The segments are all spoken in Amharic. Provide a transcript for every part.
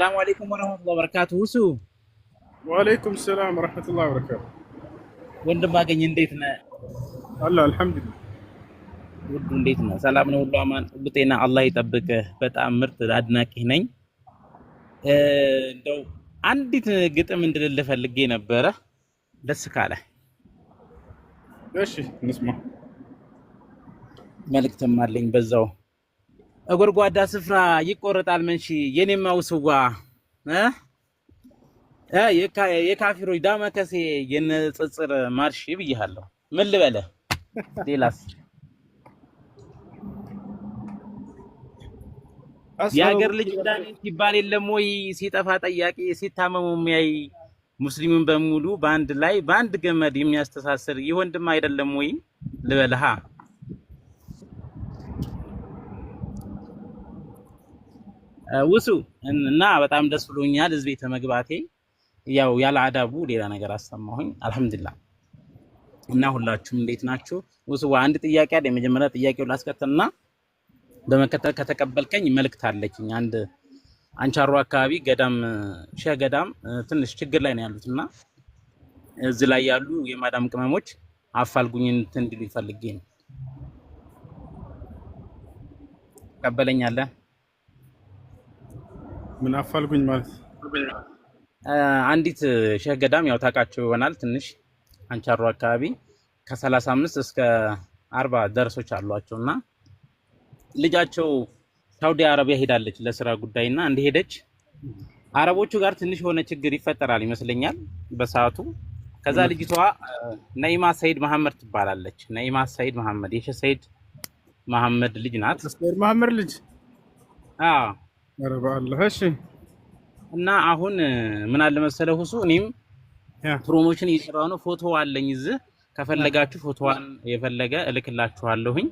ሰላሙ አለይኩም ወረህመቱላሂ ወበረካቱ። ሁሱ ወአለይኩም ሰላም ወረህመቱላሂ ወበረካቱ። ወንድም አገኝ እንዴት ነህ? አለ አልሐምዱሊላህ። ውዱ እንዴት ነህ? ሰላም ነው? ሁሉ አማን፣ ሁሉ ጤና፣ አላህ ይጠብቅህ። በጣም ምርጥ አድናቂህ ነኝ። እንደው አንዲት ግጥም እንድልልህ ፈልጌ ነበረ ደስ ካለ እሺ፣ እንስማ። መልእክትም አለኝ በዛው ጎድጓዳ ስፍራ ይቆረጣል መንሺ የኔማ ውስዋ እ የካፊሮች ዳማከሴ የንጽጽር ማርሽ ብያለሁ። ምን ልበለ ሌላስ የሀገር ልጅ መድኃኒት ሲባል የለም ወይ? ሲጠፋ ጠያቂ፣ ሲታመሙ የሚያይ ሙስሊሙን በሙሉ በአንድ ላይ በአንድ ገመድ የሚያስተሳስር ይህ ወንድም አይደለም ወይ ልበልሃ ውሱ እና በጣም ደስ ብሎኛል እዚህ ቤተ መግባቴ። ያው ያለ አዳቡ ሌላ ነገር አሰማሁኝ። አልሐምዱላ እና ሁላችሁም እንዴት ናችሁ? ውሱ አንድ ጥያቄ አለ። የመጀመሪያ ጥያቄው ላስከተልና በመከተል ከተቀበልከኝ መልእክት አለችኝ። አንድ አንቻሮ አካባቢ ገዳም ሸህ ገዳም ትንሽ ችግር ላይ ነው ያሉትና እዚ እዚህ ላይ ያሉ የማዳም ቅመሞች አፋልጉኝ እንትን እንዲሉ ይፈልጌ ነው። ቀበለኛለህ ምን አፋልጉኝ ማለት አንዲት ሼህ ገዳም ያው ታውቃቸው ይሆናል ትንሽ አንቻሮ አካባቢ ከ35 እስከ አርባ ደረሶች አሏቸው እና ልጃቸው ሳውዲ አረቢያ ሄዳለች ለስራ ጉዳይ እና እንደሄደች አረቦቹ ጋር ትንሽ የሆነ ችግር ይፈጠራል ይመስለኛል በሰዓቱ። ከዛ ልጅቷ ነኢማ ሰይድ መሐመድ ትባላለች። ነኢማ ሰይድ መሐመድ የሼህ ሰይድ መሐመድ ልጅ ናት። ሰይድ መሐመድ ልጅ አዎ እና አሁን ምን አለ መሰለህ ሁሱ እኔም ፕሮሞሽን እየሰራሁ ነው። ፎቶ አለኝ እዚህ ከፈለጋችሁ ፎቶዋን የፈለገ እልክላችኋለሁኝ።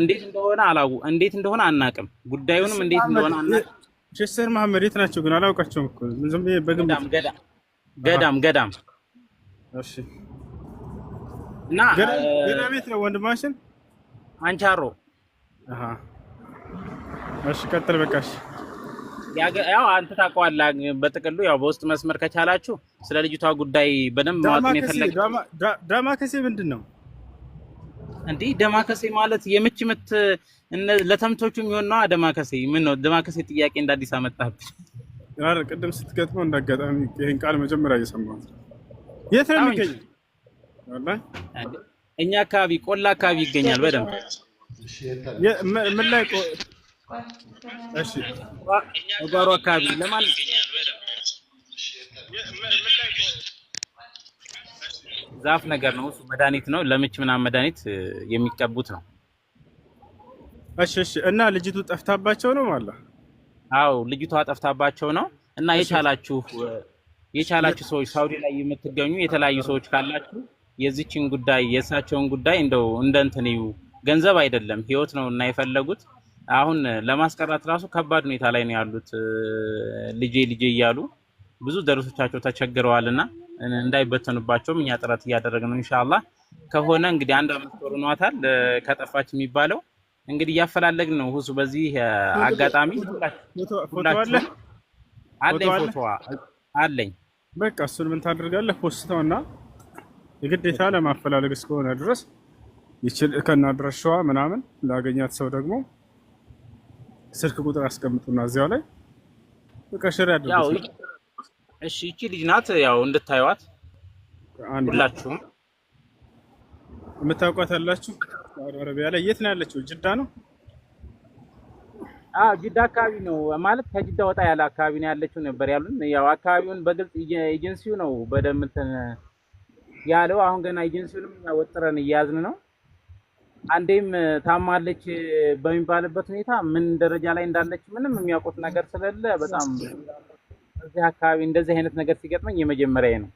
እንዴት እንደሆነ አላው እንዴት እንደሆነ አናቅም። ጉዳዩንም እንዴት እንደሆነ አናቅም። ቸስተር መሐመድ የት ናቸው ግን አላውቃቸውም እኮ ዝም ብዬ በግምት ገዳም ገዳም ገዳም እሺ። እና ገዳም የት ነው ወንድማችን አንቻሮ? አሃ እሺ ቀጥል። በቃሽ። ያው አንተ ታውቀዋለህ። በጥቅሉ ያው በውስጥ መስመር ከቻላችሁ ስለ ልጅቷ ጉዳይ በደንብ ማወቅ የፈለገ ዳማከሴ ምንድን ነው? እንዲህ ደማከሴ ማለት የምች ምት ለተምቶቹ የሚሆን ነው። ደማከሴ ምን ነው ደማከሴ? ጥያቄ እንደ አዲስ አመጣብኝ። ያረ ቅድም ስትገጥመው እንዳጋጣሚ ይሄን ቃል መጀመሪያ እየሰማሁት። የት ነው የሚገኘው? እኛ አካባቢ ቆላ አካባቢ ይገኛል። በደንብ ምን ላይ እሺ ጓሮ አካባቢ ለማን ዛፍ ነገር ነው እሱ መድኃኒት ነው ለምች ምናምን መድኃኒት የሚቀቡት ነው። እሺ እሺ። እና ልጅቱ ጠፍታባቸው ነው ማለት? አዎ ልጅቷ ጠፍታባቸው ነው። እና የቻላችሁ የቻላችሁ ሰዎች ሳውዲ ላይ የምትገኙ የተለያዩ ሰዎች ካላችሁ የዚችን ጉዳይ የእሳቸውን ጉዳይ እንደው እንደ እንትን ገንዘብ አይደለም ህይወት ነው እና የፈለጉት አሁን ለማስቀራት ራሱ ከባድ ሁኔታ ላይ ነው ያሉት። ልጄ ልጄ እያሉ ብዙ ደረሶቻቸው ተቸግረዋልና እና እንዳይበተኑባቸውም እኛ ጥረት እያደረግን ነው። ኢንሻአላህ ከሆነ እንግዲህ አንድ አመት ሆኗታል ከጠፋች የሚባለው እንግዲህ እያፈላለግን ነው። ሁሱ በዚህ አጋጣሚ አለኝ ፎቶዋ አለኝ። በቃ እሱን ምን ታደርጋለህ? ፖስተውና የግዴታ ለማፈላለግ እስከሆነ ድረስ ይችል ከናድረሻዋ ምናምን ላገኛት ሰው ደግሞ ስልክ ቁጥር አስቀምጡና እዚያው ላይ በቃ ሸር እሺ እቺ ልጅ ናት ያው እንድታዩዋት ሁላችሁም የምታውቋት አላችሁ። ሳዑዲ አረቢያ ላይ የት ነው ያለችው? ጅዳ ነው። አዎ ጅዳ አካባቢ ነው ማለት ከጅዳ ወጣ ያለ አካባቢ ነው ያለችው ነበር ያሉን። ያው አካባቢውን በግልጽ ኤጀንሲው ነው በደምብ እንትን ያለው። አሁን ገና ኤጀንሲውንም ወጥረን እያያዝን ነው አንዴም ታማለች በሚባልበት ሁኔታ ምን ደረጃ ላይ እንዳለች ምንም የሚያውቁት ነገር ስለሌለ በጣም እዚህ አካባቢ እንደዚህ አይነት ነገር ሲገጥመኝ የመጀመሪያ ነው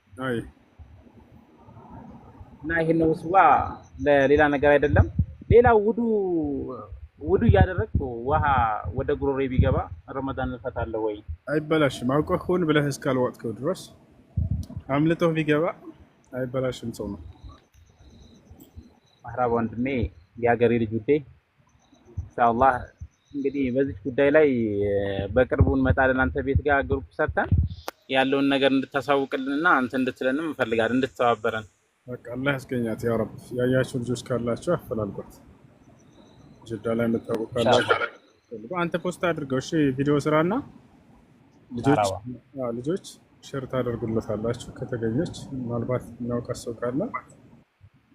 እና ይህን ውስዋ ለሌላ ነገር አይደለም። ሌላ ውዱ ውዱ እያደረግ ውሃ ወደ ጉሮሬ ቢገባ ረመዳን እንፈታለሁ ወይ? አይበላሽም። አውቀህ ሆን ብለህ እስካልዋጥከው ድረስ አምልጦ ቢገባ አይበላሽም። ሰው ነው ማህራብ ወንድሜ የሀገሬ ልጅ ውዴ ኢንሻአላህ እንግዲህ በዚህ ጉዳይ ላይ በቅርቡ እንመጣለን። አንተ ቤት ጋር ግሩፕ ሰርተን ያለውን ነገር እንድታሳውቅልንና አንተ እንድትለንም እንፈልጋለን፣ እንድትተባበረን። በቃ አላህ ያስገኛት ያ ረብ። ያያችሁ ልጆች ካላችሁ አፈላልጓት። ጅዳ ላይ የምታውቁ ካላችሁ አንተ ፖስት አድርገው እሺ፣ ቪዲዮ ስራና ልጆች ልጆች ሼር ታደርጉለታላችሁ። ከተገኘች ምናልባት እናውቃት ሰው ካለ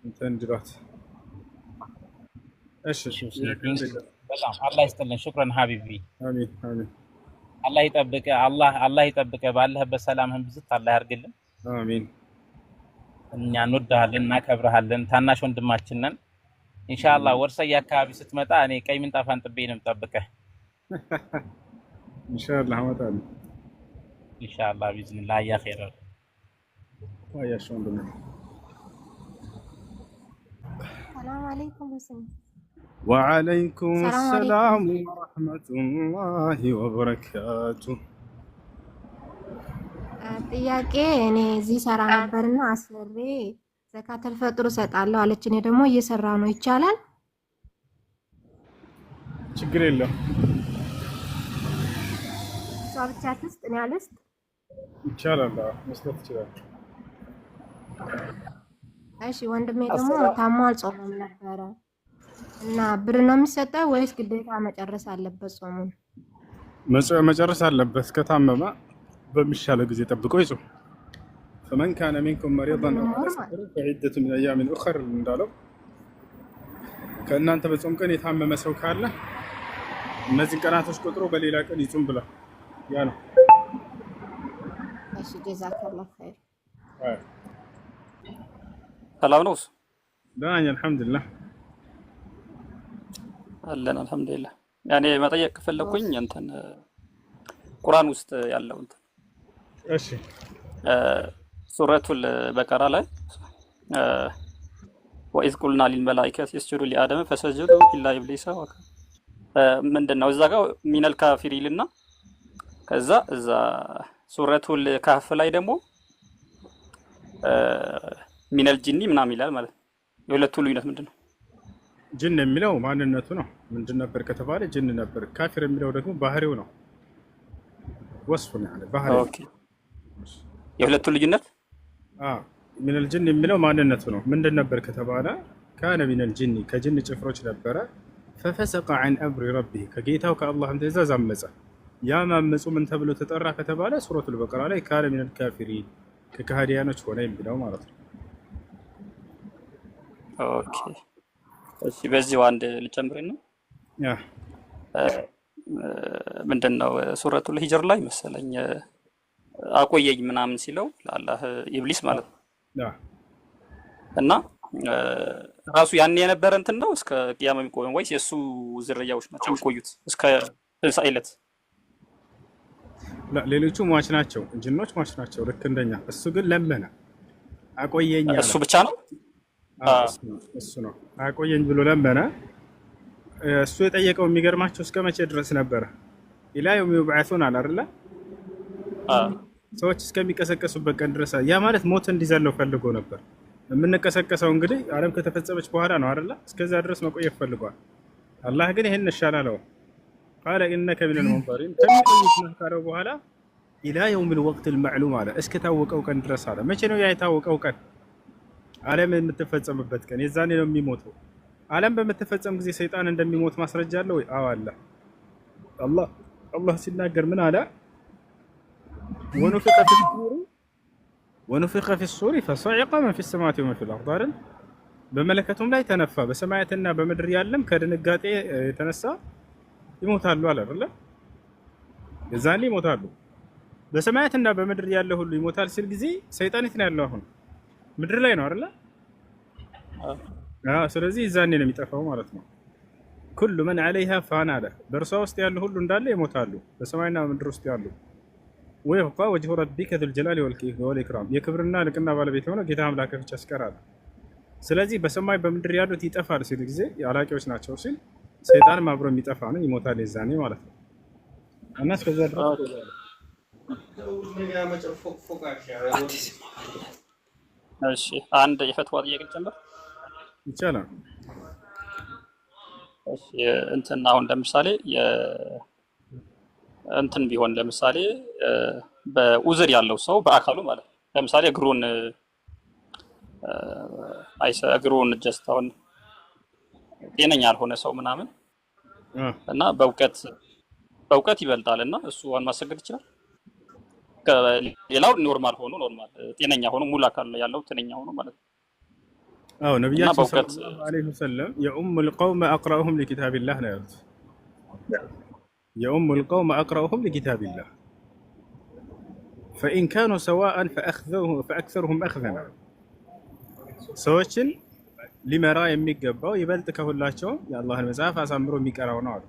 እንትን እንዲሏት በጣም አላህ ይስጥልን። ሽኩረን ሀቢቢ አላህ ይጠብቅህ፣ አላህ ይጠብቅህ። ባለህበት ሰላምህን ብዝት አላህ ያድርግልን። እኛ እንወድሃለን፣ እናከብረሃለን። ታናሽ ወንድማችን ነን። ኢንሻአላህ ወርሰያ አካባቢ ስትመጣ እኔ ቀይ ምንጣፍ አንጥቤ ነው የምጠብቅህ። ኢንሻአላህ እመጣለሁ። ኢንሻአላህ ቢዝኒላህ። አያ ኸይረ አያሽ ወንድሜ። ሰላም አለይኩም ሁሴን ወዓለይኩም ሰላም ወረሕመቱላሂ ወበረካቱ። ጥያቄ እኔ እዚህ ሰራ ነበርና አስሬ ዘካተል ፈጥሩ እሰጣለሁ አለች። እኔ ደግሞ እየሰራ ነው። ይቻላል? ችግር የለም። እሷ ብቻ ትስጥ፣ እኔ አልስጥ። ይቻላል፣ መስጠት ይችላል። እሺ፣ ወንድሜ ደግሞ ታሟል፣ ጾም ነበረ እና ብር ነው የሚሰጠው ወይስ ግዴታ መጨረስ አለበት? ጾሙን መጨረስ አለበት። ከታመመ በሚሻለው ጊዜ ጠብቆ ይጹም። ፈመን ካነ ሚንኩም መሪደን ፈዒደቱ ሚን አያሚን ኡኸር እንዳለው ከእናንተ በጾም ቀን የታመመ ሰው ካለ እነዚህን ቀናቶች ቆጥሮ በሌላ ቀን ይጹም ብሏል። ያ ነው። ሰላም ነው። ደህና ነኝ አልሐምዱሊላህ አለን አልሐምዱሊላህ። ያኔ መጠየቅ ከፈለኩኝ እንትን ቁርአን ውስጥ ያለው እንትን እሺ፣ ሱረቱል በቀራ ላይ ወኢዝ ቁልና ሊል መላኢከት እስጁዱ ሊአደም ፈሰጁዱ ኢላ ኢብሊሳ ወከ ምንድን ነው እዛ ጋር ሚነል ካፊር ይልና ከዛ እዛ ሱረቱል ካፍ ላይ ደግሞ ሚነል ጂኒ ምናምን ይላል ማለት የሁለቱ ልዩነት ምንድን ነው? ጅን የሚለው ማንነቱ ነው። ምንድን ነበር ከተባለ ጅን ነበር። ካፊር የሚለው ደግሞ ባህሪው ነው። ወስፍ የሁለቱ ልዩነት ሚነል ጅን የሚለው ማንነቱ ነው። ምንድን ነበር ከተባለ ካነ ሚነል ጅኒ ከጅን ጭፍሮች ነበረ። ፈፈሰቀ ዐን አምሪ ረቢህ ከጌታው ከአላህም ትእዛዝ አመፀ። ያ ማመፁ ምን ተብሎ ተጠራ ከተባለ ሱረቱል ልበቀራ ላይ ካነ ሚነል ካፊሪን ከካህዲያኖች ሆነ የሚለው ማለት ነው። ኦኬ እሺ በዚህ አንድ ልጨምር ነው። ምንድን ነው ሱረቱ ሂጅር ላይ መሰለኝ አቆየኝ ምናምን ሲለው ለአላህ ኢብሊስ ማለት ነው እና ራሱ ያን የነበረ እንትን ነው እስከ ቅያማ የሚቆዩ ወይስ የእሱ ዝርያዎች ናቸው የሚቆዩት እስከ ስልሳ ዕለት? ሌሎቹ ሟች ናቸው፣ ጅኖች ሟች ናቸው ልክ እንደኛ። እሱ ግን ለመነ አቆየኛ እሱ ብቻ ነው እሱ ነው አቆየኝ ብሎ ለመነ። እሱ የጠየቀው የሚገርማቸው እስከ መቼ ድረስ ነበረ? ኢላ የውም ዩብዓሱን አለ አይደለ? ሰዎች እስከሚቀሰቀሱበት ቀን ድረስ። ያ ማለት ሞት እንዲዘለው ፈልጎ ነበር። የምንቀሰቀሰው እንግዲህ ዓለም ከተፈጸመች በኋላ ነው አይደለ? እስከዛ ድረስ መቆየት ፈልጓል። አላህ ግን ይሄን እሻላለሁ ቃለ ኢነከ ሚነል ሙንዘሪን ከሚቆዩት ነህ ካለው በኋላ ኢላ የውም ልወቅት ልመዕሉም አለ። እስከታወቀው ቀን ድረስ አለ። መቼ ነው ያ የታወቀው ቀን? ዓለም የምትፈጸምበት ቀን የዛኔ ነው የሚሞተው። ዓለም በምትፈጸም ጊዜ ሰይጣን እንደሚሞት ማስረጃ አለ ወይ? አዎ አለ። አላህ አላህ ሲናገር ምን አለ? ወኑፊቀ ፊሱሪ ወኑፊቀ ፊሱሪ ፈሰዒቀ መን ፊሰማዋቲ ወመን ፊልአርድ አይደል? በመለከቱም ላይ ተነፋ፣ በሰማያትና በምድር ያለም ከድንጋጤ የተነሳ ይሞታሉ አለ አይደል? የዛኔ ይሞታሉ። በሰማያትና በምድር ያለ ሁሉ ይሞታል ሲል ጊዜ ሰይጣን የት ነው ያለው አሁን? ምድር ላይ ነው አይደለ? አዎ። ስለዚህ እዛኔ ነው የሚጠፋው ማለት ነው። ኩሉ መን ዐለይሃ ፋን አለ። በእርሷ ውስጥ ያሉ ሁሉ እንዳለ ይሞታሉ፣ በሰማይና በምድር ውስጥ ያሉ ወይብቃ ወጅሁ ረቢከ ዙልጀላሊ ወል ኢክራም የክብርና ልቅና ባለቤት የሆነ ጌታ አምላክህ ብቻ ይቀራል። ስለዚህ በሰማይ በምድር ያሉት ይጠፋል ሲል ጊዜ አላቂዎች ናቸው ሲል ሰይጣንም አብሮ የሚጠፋ ነው ይሞታል፣ የዛኔ ማለት ነው እና እስከዚያ ድረስ እሺ አንድ የፈትዋ ጥያቄ ጀምር ይቻላል? እሺ እንትን አሁን ለምሳሌ እንትን ቢሆን ለምሳሌ በኡዝር ያለው ሰው በአካሉ ማለት ነው። ለምሳሌ እግሩን አይሰ እግሩን ጀስታውን ጤነኛ ያልሆነ ሰው ምናምን እና በእውቀት በእውቀት ይበልጣል እና እሱ አሁን ማሰገድ ይችላል ሌላው ኖርማል ሆኖ ኖርማል ጤነኛ ሆኖ ሙሉ አካል ያለው ጤነኛ ሆኖ ማለት ነው። አዎ ነቢያችን ሰለላሁ ዐለይሂ ወሰለም የኡሙል ቀውም አቅረኡሁም ሊኪታቢላህ ነው ያሉት። የኡሙል ቀውም አቅረኡሁም ሊኪታቢላህ ፈኢን ካኑ ሰዋአን ፈአክሰሩሁም አኽዘና ሰዎችን ሊመራ የሚገባው ይበልጥ ከሁላቸውም የአላህን መጽሐፍ አሳምሮ የሚቀራው ነው አሉ።